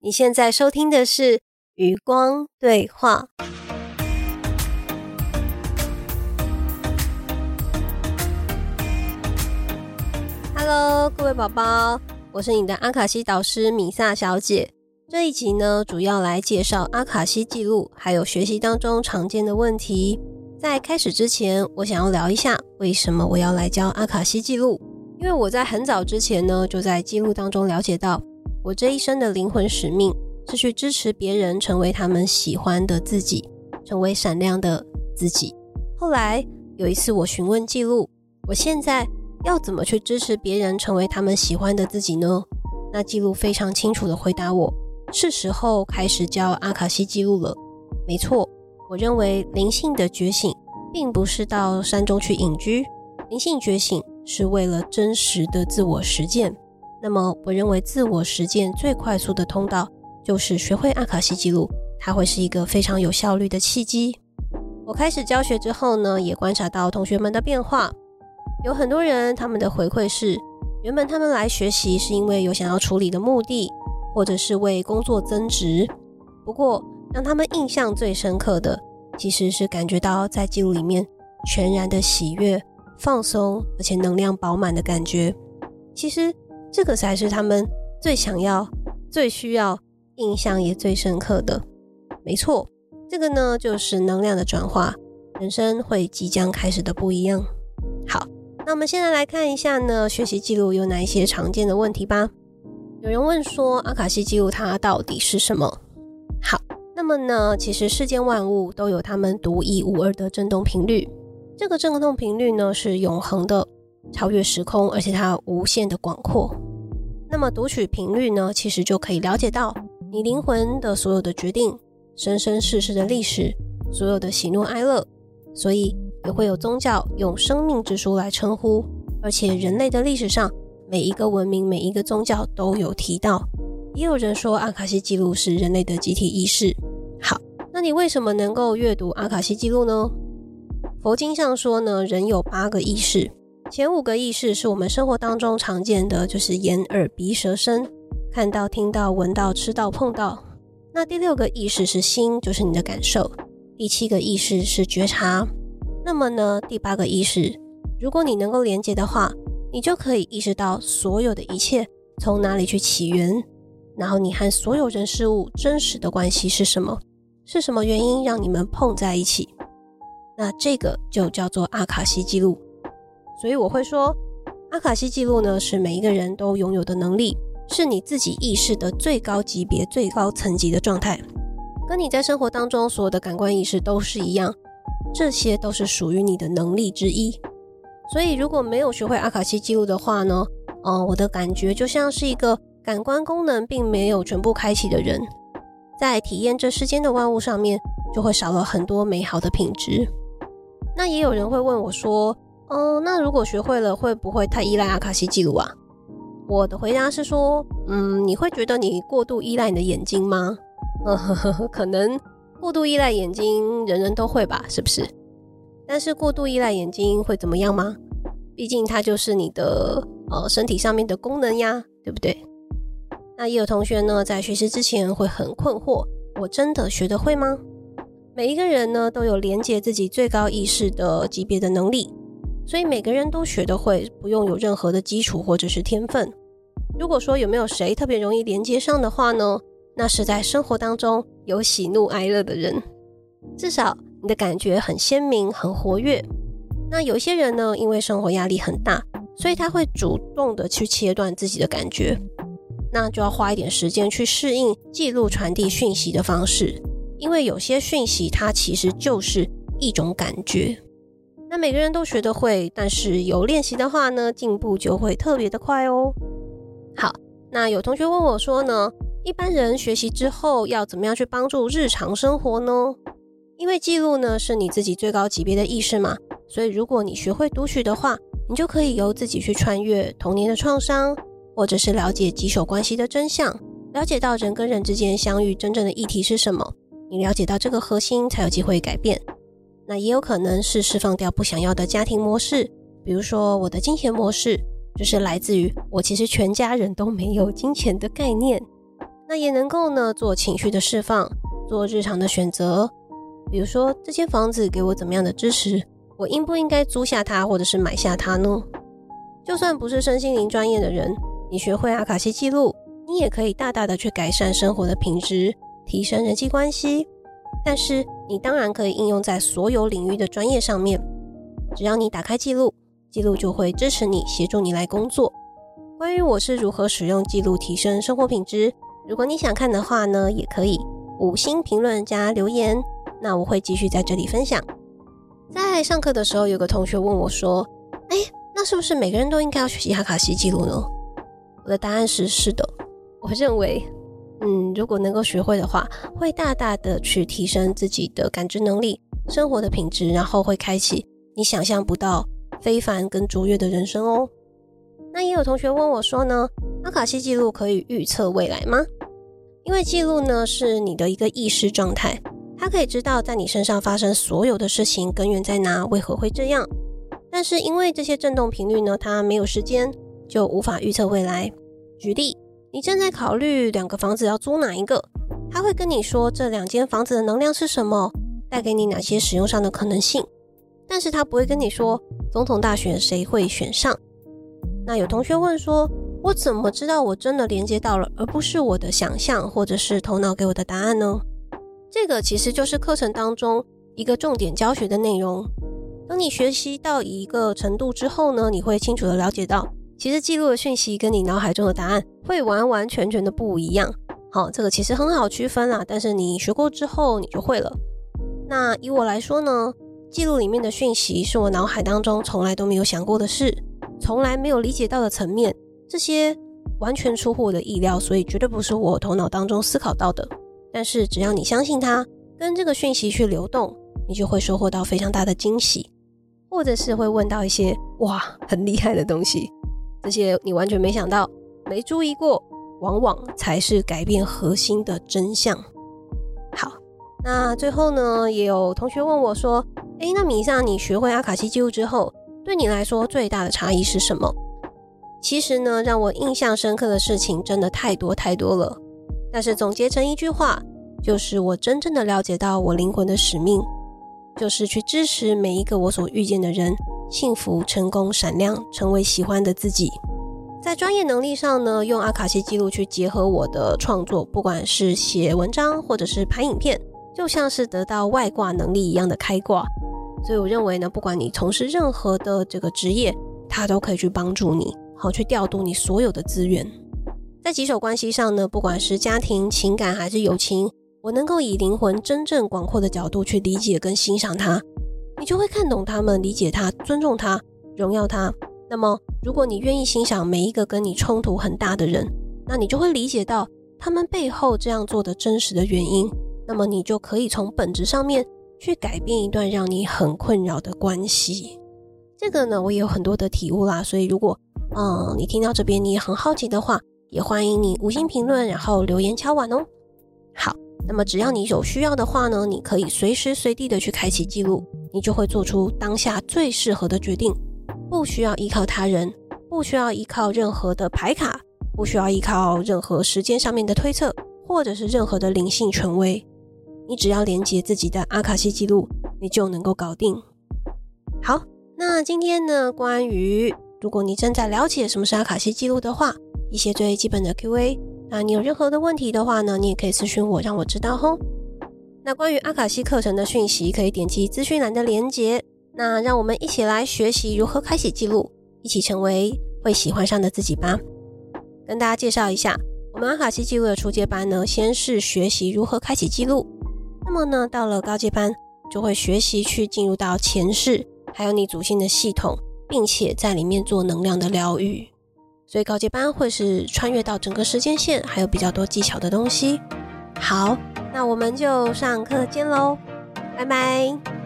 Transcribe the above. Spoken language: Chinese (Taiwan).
你現在收聽的是《餘光對話》。Hello，各位寶寶，我是你的阿卡西導師米薩小姐。這一集呢，主要來介紹阿卡西記錄，還有學習當中常見的問題。在開始之前，我想要聊一下為什麼我要來教阿卡西記錄，因為我在很早之前呢，就在記錄當中了解到。我這一生的靈魂使命是去支持別人成為他們喜歡的自己，成為閃亮的自己。後來有一次，我詢問記錄，我現在要怎麼去支持別人成為他們喜歡的自己呢？那記錄非常清楚地回答我，是時候開始教阿卡西記錄了。沒錯，我認為靈性的覺醒並不是到山中去隱居，靈性覺醒是為了真實的自我實踐。那麼，我認為自我實踐最快速的通道就是學會阿卡西紀錄，它會是一個非常有效率的契機。我開始教學之後呢，也觀察到同學們的變化。有很多人，他們的回饋是，原本他們來學習是因為有想要處理的目的，或者是為工作增值。不過，讓他們印象最深刻的其實是感覺到在紀錄裡面全然的喜悅、放鬆，而且能量飽滿的感覺。其實。這個才是他們最想要、最需要、印象也最深刻的，沒錯。這個呢，就是能量的轉化，人生會即將開始的不一樣。好，那我們現在來看一下呢，學習記錄有哪一些常見的問題吧。有人問說，阿卡西記錄它到底是什麼？好，那麼呢，其實世間萬物都有它們獨一無二的振動頻率，這個振動頻率呢是永恆的。超越時空，而且它無限的廣闊。那麼讀取頻率呢？其實就可以了解到你靈魂的所有的決定，生生世世的歷史，所有的喜怒哀樂。所以也會有宗教用生命之書來稱呼。而且人類的歷史上，每一個文明、每一個宗教都有提到。也有人說阿卡西記錄是人類的集體意識。好，那你為什麼能夠閱讀阿卡西記錄呢？佛經上說呢，人有八個意識。前五個意識是我們生活當中常見的，就是眼、耳、鼻、舌、身，看到、聽到、聞到、吃到、碰到。那第六個意識是心，就是你的感受。第七個意識是覺察。那麼呢，第八個意識，如果你能夠連接的話，你就可以意識到所有的一切從哪裡去起源，然後你和所有人事物真實的關係是什麼？是什麼原因讓你們碰在一起？那這個就叫做阿卡西記錄。所以我會說，阿卡西紀錄呢，是每一個人都擁有的能力，是你自己意識的最高級別、最高層級的狀態，跟你在生活當中所有的感官意識都是一樣，這些都是屬於你的能力之一。所以如果沒有學會阿卡西紀錄的話呢，嗯、呃，我的感覺就像是一個感官功能並沒有全部開啟的人，在體驗這世間的萬物上面，就會少了很多美好的品質。那也有人會問我說，哦、嗯，那如果學會了，會不會太依賴阿卡西紀錄啊？我的回答是說，嗯，你會覺得你過度依賴你的眼睛嗎？呃、嗯呵呵，可能過度依賴眼睛，人人都會吧，是不是？但是過度依賴眼睛會怎麼樣嗎？畢竟它就是你的呃身體上面的功能呀，對不對？那也有同學呢，在學習之前會很困惑，我真的學得會嗎？每一個人呢，都有連接自己最高意識的級別的能力。所以每個人都學得會，不用有任何的基礎或者是天分。如果說有沒有誰特別容易連接上的話呢？那是在生活當中有喜怒哀樂的人，至少你的感覺很鮮明、很活躍。那有些人呢，因為生活壓力很大，所以他會主動的去切斷自己的感覺。那就要花一點時間去適應記錄、傳遞訊息的方式，因為有些訊息它其實就是一種感覺。每個人都學得會，但是有練習的話呢，進步就會特別的快哦。好，那有同學問我說呢，一般人學習之後要怎麼樣去幫助日常生活呢？因為記錄呢是你自己最高級別的意識嘛，所以如果你學會讀取的話，你就可以由自己去穿越童年的創傷，或者是了解棘手關係的真相，了解到人跟人之間相遇真正的議題是什麼。你了解到這個核心，才有機會改變。那也有可能是釋放掉不想要的家庭模式，比如說我的金錢模式，就是來自於我其實全家人都沒有金錢的概念。那也能夠呢，做情緒的釋放，做日常的選擇，比如說這間房子給我怎麼樣的支持，我應不應該租下它，或者是買下它呢？就算不是身心靈專業的人，你學會阿卡西記錄，你也可以大大的去改善生活的品質，提升人際關係。但是你當然可以應用在所有領域的專業上面，只要你打開記錄，記錄就會支持你、協助你來工作。關於我是如何使用記錄提升生活品質，如果你想看的話呢，也可以五星評論加留言，那我會繼續在這裡分享。在上課的時候，有個同學問我說：“哎，那是不是每個人都應該要學習阿卡西記錄呢？”我的答案是：是的，我認為。嗯，如果能夠學會的話，會大大的去提升自己的感知能力、生活的品質，然後會開啟你想象不到非凡跟卓越的人生哦。那也有同學問我說呢，阿卡西記錄可以預測未來嗎？因為記錄呢是你的一個意識狀態，它可以知道在你身上發生所有的事情根源在哪，為何會這樣。但是因為這些振動頻率呢，它沒有時間，就無法預測未來。舉例。你正在考慮兩個房子要租哪一個，他會跟你說這兩間房子的能量是什麼，帶給你哪些使用上的可能性，但是他不會跟你說總統大選誰會選上。那有同學問說，我怎麼知道我真的連接到了，而不是我的想象或者是頭腦給我的答案呢？這個其實就是課程當中一個重點教學的內容。等你學習到一個程度之後呢，你會清楚的了解到。其實記錄的訊息跟你腦海中的答案會完完全全的不一樣。好，哦，這個其實很好區分啦。但是你學過之後，你就會了。那以我來說呢，記錄裡面的訊息是我腦海當中從來都沒有想過的事，從來沒有理解到的層面，這些完全出乎我的意料，所以絕對不是我頭腦當中思考到的。但是只要你相信它，跟這個訊息去流動，你就會收穫到非常大的驚喜，或者是會問到一些哇很厲害的東西。而且你完全沒想到、沒注意過，往往才是改變核心的真相。好，那最後呢，也有同學問我說：“誒、欸，那米薩你學會阿卡西記錄之後，對你來說最大的差異是什麼？”其實呢，讓我印象深刻的事情真的太多太多了。但是總結成一句話，就是我真正的了解到我靈魂的使命，就是去支持每一個我所遇見的人。幸福、成功、閃亮，成為喜歡的自己。在專業能力上呢，用阿卡西記錄去結合我的創作，不管是寫文章或者是拍影片，就像是得到外掛能力一樣的開掛。所以我認為呢，不管你從事任何的這個職業，它都可以去幫助你，好去調度你所有的資源。在棘手關係上呢，不管是家庭、情感還是友情，我能夠以靈魂真正廣闊的角度去理解跟欣賞它。你就會看懂他們，理解他，尊重他，榮耀他。那麼，如果你願意欣賞每一個跟你衝突很大的人，那你就會理解到他們背後這樣做的真實的原因。那麼，你就可以從本質上面去改變一段讓你很困擾的關係。這個呢，我也有很多的體悟啦。所以，如果嗯，你聽到這邊你也很好奇的話，也歡迎你五星評論，然後留言敲碗哦。好，那麼只要你有需要的話呢，你可以隨時隨地的去開啟記錄。你就會做出當下最適合的決定，不需要依靠他人，不需要依靠任何的牌卡，不需要依靠任何時間上面的推測，或者是任何的靈性權威。你只要連接自己的阿卡西記錄，你就能夠搞定。好，那今天呢，關於如果你正在了解什麼是阿卡西記錄的話，一些最基本的 QA，那你有任何的問題的話呢，你也可以私信我，讓我知道哦。那關於阿卡西課程的訊息，可以點擊資訊欄的連結。那讓我們一起來學習如何開啟記錄，一起成為會喜歡上的自己吧。跟大家介紹一下，我們阿卡西記錄的初階班呢，先是學習如何開啟記錄。那麼呢，到了高階班，就會學習去進入到前世，還有你祖先的系統，並且在裡面做能量的療癒。所以高階班會是穿越到整個時間線，還有比較多技巧的東西。好。那我們就上課見嘍，拜拜。